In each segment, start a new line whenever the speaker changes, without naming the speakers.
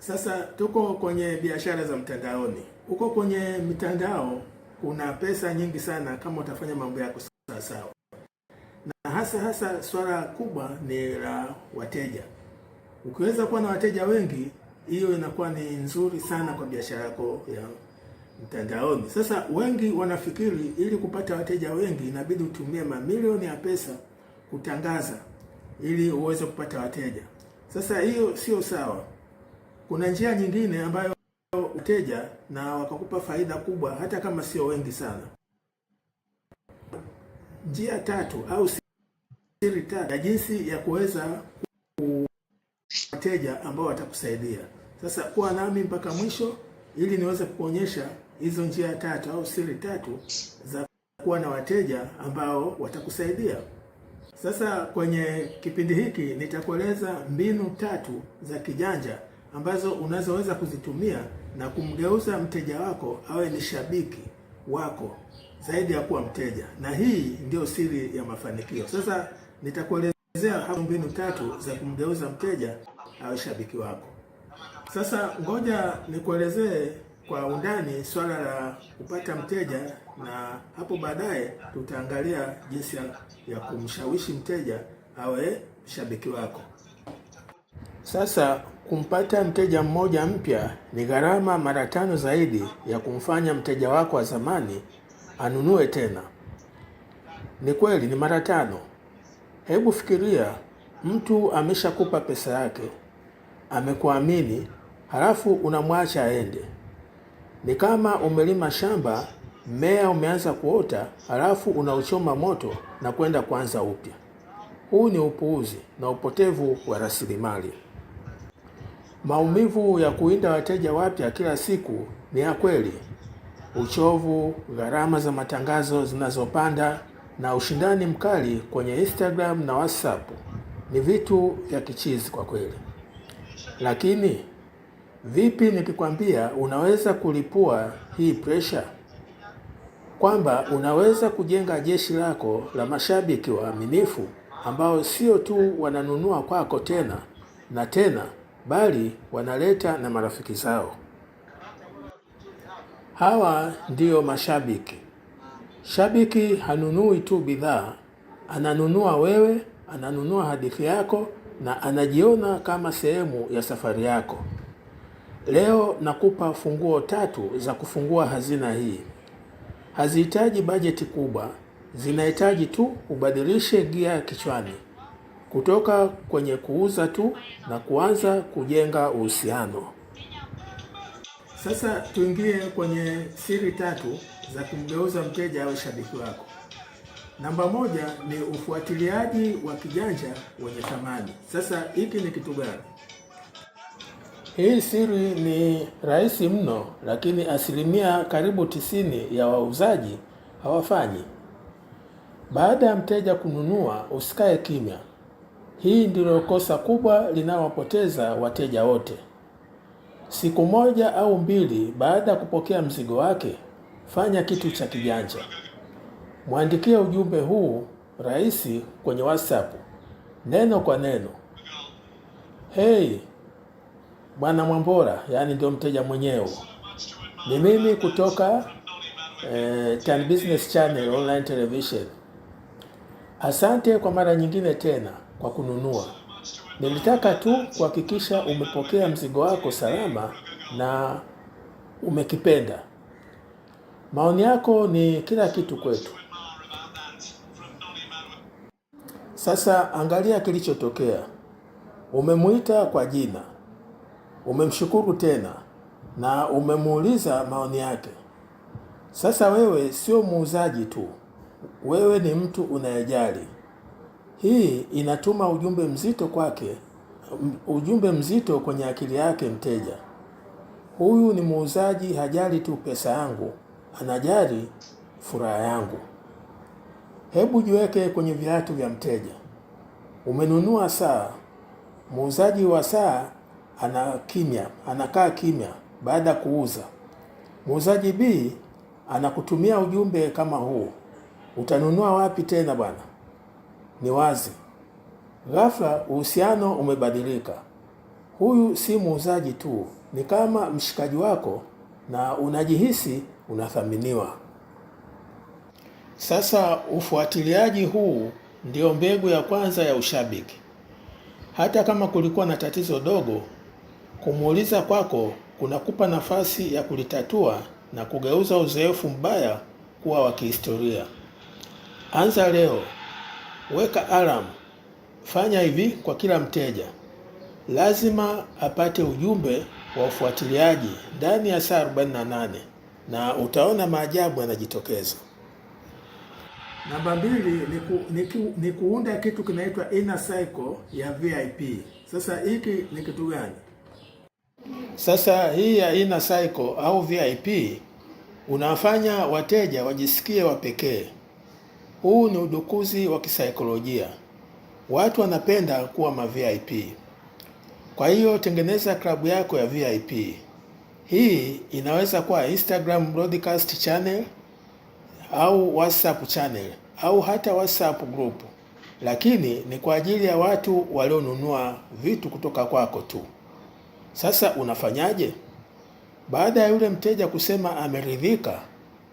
Sasa tuko kwenye biashara za mtandaoni. Huko kwenye mitandao kuna pesa nyingi sana kama utafanya mambo yako sawasawa, na hasa hasa swala kubwa ni la wateja. Ukiweza kuwa na wateja wengi, hiyo inakuwa ni nzuri sana kwa biashara yako ya mtandaoni. Sasa wengi wanafikiri ili kupata wateja wengi inabidi utumie mamilioni ya pesa kutangaza ili uweze kupata wateja. Sasa hiyo sio sawa. Kuna njia nyingine ambayo uteja na wakakupa faida kubwa hata kama sio wengi sana. Njia tatu au siri tatu ya jinsi ya kuweza wateja ambao watakusaidia. Sasa kuwa nami mpaka mwisho ili niweze kuonyesha hizo njia tatu au siri tatu za kuwa na wateja ambao watakusaidia. Sasa kwenye kipindi hiki nitakueleza mbinu tatu za kijanja ambazo unazoweza kuzitumia na kumgeuza mteja wako awe ni shabiki wako zaidi ya kuwa mteja, na hii ndio siri ya mafanikio. Sasa nitakuelezea hapo mbinu tatu za kumgeuza mteja awe shabiki wako. Sasa ngoja nikuelezee kwa undani swala la kupata mteja, na hapo baadaye tutaangalia jinsi ya kumshawishi mteja awe shabiki wako. Sasa Kumpata mteja mmoja mpya ni gharama mara tano zaidi ya kumfanya mteja wako wa zamani anunue tena. Ni kweli, ni mara tano. Hebu fikiria, mtu ameshakupa pesa yake, amekuamini, halafu unamwacha aende. Ni kama umelima shamba, mmea umeanza kuota, halafu unauchoma moto na kwenda kuanza upya. Huu ni upuuzi na upotevu wa rasilimali. Maumivu ya kuinda wateja wapya kila siku ni ya kweli. Uchovu, gharama za matangazo zinazopanda na ushindani mkali kwenye Instagram na WhatsApp ni vitu vya kichizi kwa kweli. Lakini vipi nikikwambia unaweza kulipua hii pressure? Kwamba unaweza kujenga jeshi lako la mashabiki waaminifu ambao sio tu wananunua kwako tena na tena bali wanaleta na marafiki zao. Hawa ndiyo mashabiki. Shabiki hanunui tu bidhaa, ananunua wewe, ananunua hadithi yako na anajiona kama sehemu ya safari yako. Leo nakupa funguo tatu za kufungua hazina hii. Hazihitaji bajeti kubwa, zinahitaji tu ubadilishe gia kichwani kutoka kwenye kuuza tu na kuanza kujenga uhusiano. Sasa tuingie kwenye siri tatu za kumgeuza mteja au shabiki wako. Namba moja ni ufuatiliaji wa kijanja wenye thamani. Sasa hiki ni kitu gani?
Hii siri ni rahisi mno, lakini asilimia karibu tisini ya wauzaji hawafanyi. Baada ya mteja kununua, usikae kimya, hii ndilo kosa kubwa linalowapoteza wateja wote. Siku moja au mbili baada ya kupokea mzigo wake, fanya kitu cha kijanja. Mwandikie ujumbe huu rahisi kwenye WhatsApp neno kwa neno. Hei Bwana Mwambola, yaani ndio mteja mwenyewe, ni mimi kutoka eh, Tan Business Channel Online Television. Asante kwa mara nyingine tena kwa kununua. Nilitaka tu kuhakikisha umepokea mzigo wako salama na umekipenda. Maoni yako ni kila kitu kwetu. Sasa angalia kilichotokea. Umemuita kwa jina, umemshukuru tena na umemuuliza maoni yake. Sasa wewe sio muuzaji tu, wewe ni mtu unayejali. Hii inatuma ujumbe mzito kwake, ujumbe mzito kwenye akili yake mteja. Huyu ni muuzaji, hajali tu pesa yangu, anajali furaha yangu. Hebu jiweke kwenye viatu vya mteja. Umenunua saa, muuzaji wa saa ana kimya, anakaa kimya baada ya kuuza. Muuzaji B anakutumia ujumbe kama huu, utanunua wapi tena bwana? ni wazi. Ghafla uhusiano umebadilika. Huyu si muuzaji tu, ni kama mshikaji wako na unajihisi unathaminiwa. Sasa ufuatiliaji huu ndiyo mbegu ya kwanza ya ushabiki. Hata kama kulikuwa na tatizo dogo, kumuuliza kwako kunakupa nafasi ya kulitatua na kugeuza uzoefu mbaya kuwa wa kihistoria. Anza leo weka alarm, fanya hivi kwa kila mteja. Lazima apate ujumbe wa ufuatiliaji ndani ya saa 48 na utaona maajabu yanajitokeza. Namba mbili ni, ku, ni, ku, ni kuunda kitu kinaitwa inner circle ya VIP. Sasa hiki ni kitu gani? Sasa hii ya inner circle au VIP unafanya wateja wajisikie wa pekee huu ni udukuzi wa kisaikolojia. Watu wanapenda kuwa ma VIP. Kwa hiyo tengeneza klabu yako ya VIP. Hii inaweza kuwa Instagram broadcast channel au WhatsApp channel au hata WhatsApp group, lakini ni kwa ajili ya watu walionunua vitu kutoka kwako tu. Sasa unafanyaje? Baada ya yule mteja kusema ameridhika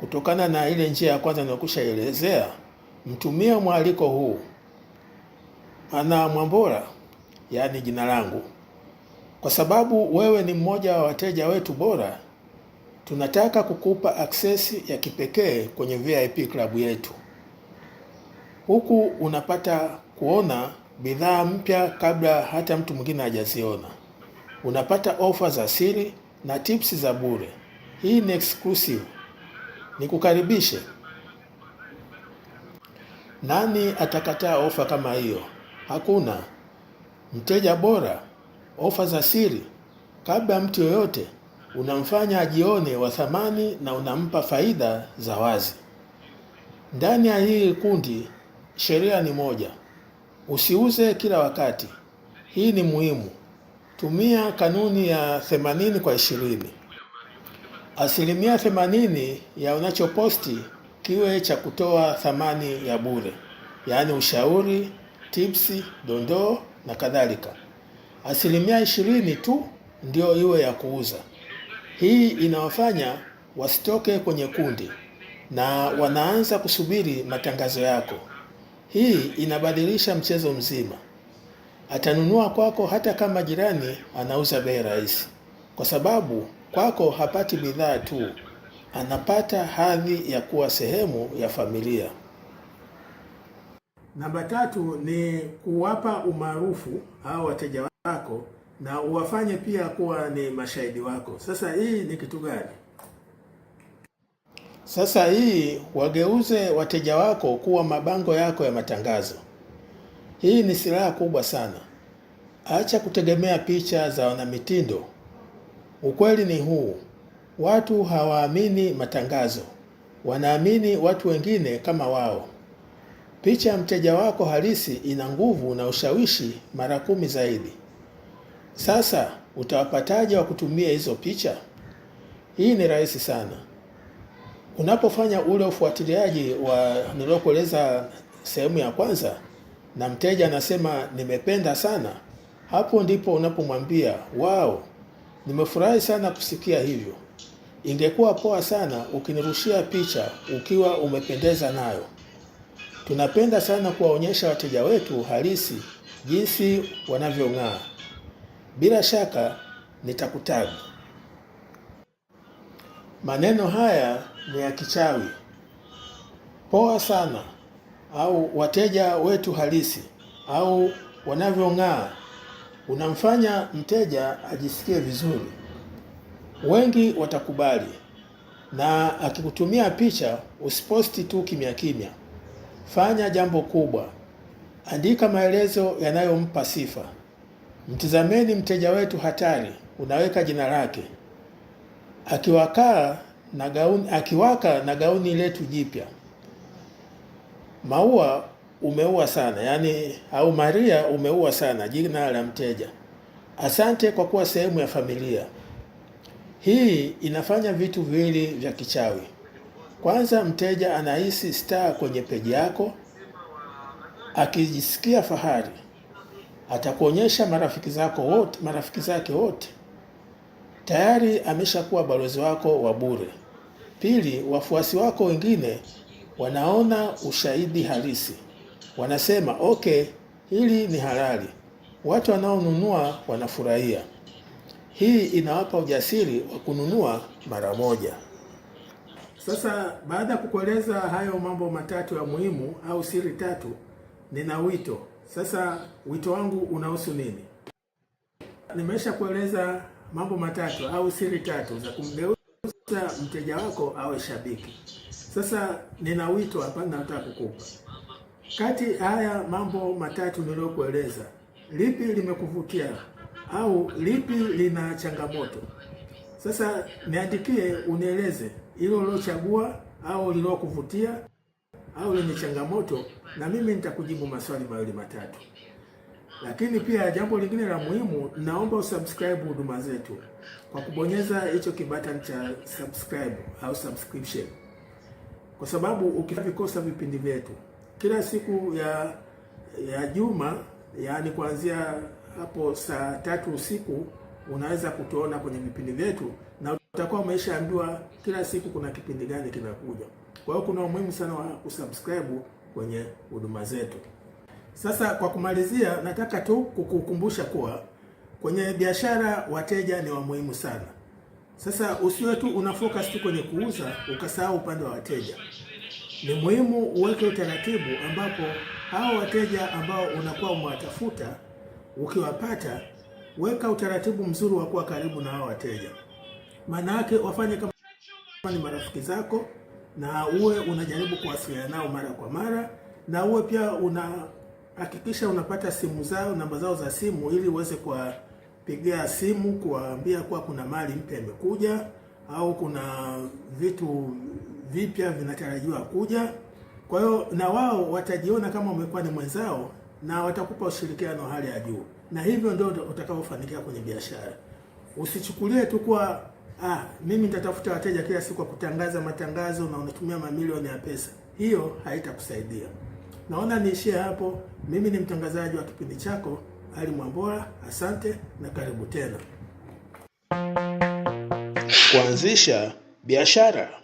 kutokana na ile njia ya kwanza niliyokwishaelezea Mtumie mwaliko huu ana Mwambola, yaani jina langu, kwa sababu wewe ni mmoja wa wateja wetu bora. Tunataka kukupa aksesi ya kipekee kwenye VIP klabu yetu. Huku unapata kuona bidhaa mpya kabla hata mtu mwingine hajaziona. Unapata ofa za siri na tips za bure. Hii ni exclusive. Nikukaribishe. Nani atakataa ofa kama hiyo? Hakuna. Mteja bora, ofa za siri, kabla mtu yoyote, unamfanya ajione wa thamani na unampa faida za wazi. Ndani ya hii kundi, sheria ni moja: usiuze kila wakati. Hii ni muhimu. Tumia kanuni ya 80 kwa ishirini. Asilimia 80 ya unachoposti kiwe cha kutoa thamani ya bure, yaani ushauri, tipsi, dondoo na kadhalika. Asilimia ishirini tu ndio iwe ya kuuza. Hii inawafanya wasitoke kwenye kundi na wanaanza kusubiri matangazo yako. Hii inabadilisha mchezo mzima. Atanunua kwako hata kama jirani anauza bei rahisi, kwa sababu kwako hapati bidhaa tu, anapata hadhi ya kuwa sehemu ya familia. Namba tatu ni kuwapa umaarufu hao wateja wako na uwafanye pia kuwa ni mashahidi wako. Sasa hii ni kitu gani? Sasa hii wageuze wateja wako kuwa mabango yako ya matangazo. Hii ni silaha kubwa sana. Acha kutegemea picha za wanamitindo. Ukweli ni huu. Watu hawaamini matangazo, wanaamini watu wengine kama wao. Picha ya mteja wako halisi ina nguvu na ushawishi mara kumi zaidi. Sasa utawapataje wa kutumia hizo picha? Hii ni rahisi sana. Unapofanya ule ufuatiliaji wa niliokueleza sehemu ya kwanza, na mteja anasema nimependa sana, hapo ndipo unapomwambia wow, nimefurahi sana kusikia hivyo. Ingekuwa poa sana ukinirushia picha ukiwa umependeza nayo. Tunapenda sana kuwaonyesha wateja wetu halisi jinsi wanavyong'aa. Bila shaka nitakutagi Maneno haya ni ya kichawi. Poa sana au wateja wetu halisi au wanavyong'aa, unamfanya mteja ajisikie vizuri wengi watakubali. Na akikutumia picha, usiposti tu kimya kimya, fanya jambo kubwa, andika maelezo yanayompa sifa. Mtizameni mteja wetu hatari, unaweka jina lake. Akiwaka na gauni, akiwaka na gauni letu jipya. Maua umeua sana, yani, au Maria umeua sana jina la mteja. Asante kwa kuwa sehemu ya familia. Hii inafanya vitu viwili vya kichawi. Kwanza, mteja anahisi star kwenye peji yako, akijisikia fahari atakuonyesha marafiki zako wote, marafiki zake wote. Tayari ameshakuwa balozi wako wa bure. Pili, wafuasi wako wengine wanaona ushahidi halisi, wanasema okay, hili ni halali. Watu wanaonunua wanafurahia. Hii inawapa ujasiri wa kununua mara moja. Sasa baada ya kukueleza hayo mambo matatu ya muhimu au siri tatu, nina wito sasa. Wito wangu unahusu nini? Nimesha kueleza mambo matatu au siri tatu za kumgeuza mteja wako awe shabiki. Sasa nina wito hapa, ninataka kukupa kati haya mambo matatu niliyokueleza, lipi limekuvutia? au lipi lina changamoto. Sasa niandikie, unieleze hilo lilochagua au lilokuvutia au lenye changamoto, na mimi nitakujibu maswali mawili matatu. Lakini pia jambo lingine la muhimu, naomba usubscribe huduma zetu kwa kubonyeza hicho kibatani cha subscribe au subscription, kwa sababu ukivikosa vipindi vyetu kila siku ya ya juma, yaani kuanzia hapo saa tatu usiku unaweza kutuona kwenye vipindi vyetu, na utakuwa umeshaambiwa kila siku kuna kipindi gani kinakuja. Kwa hiyo kuna umuhimu sana wa kusubscribe kwenye huduma zetu. Sasa kwa kumalizia, nataka tu kukukumbusha kuwa kwenye biashara wateja ni wa muhimu sana. Sasa usiwe tu una focus tu kwenye kuuza ukasahau upande wa wateja. Ni muhimu uweke utaratibu ambapo hao wateja ambao unakuwa umewatafuta Ukiwapata weka utaratibu mzuri wa kuwa karibu na hao wateja, maana yake wafanye kama ni marafiki zako, na uwe unajaribu kuwasiliana nao mara kwa mara, na uwe pia unahakikisha unapata simu zao, namba zao za simu, ili uweze kuwapigia simu kuwaambia kuwa kuna mali mpya imekuja au kuna vitu vipya vinatarajiwa kuja. Kwa hiyo na wao watajiona kama umekuwa ni mwenzao na watakupa ushirikiano hali ya juu, na hivyo ndio utakaofanikiwa kwenye biashara. Usichukulie tu kwa ah, mimi nitatafuta wateja kila siku kwa kutangaza matangazo na unatumia mamilioni ya pesa, hiyo haitakusaidia. Naona niishie hapo. Mimi ni mtangazaji wa kipindi chako Ali Mwambola, asante na karibu tena. Kuanzisha biashara.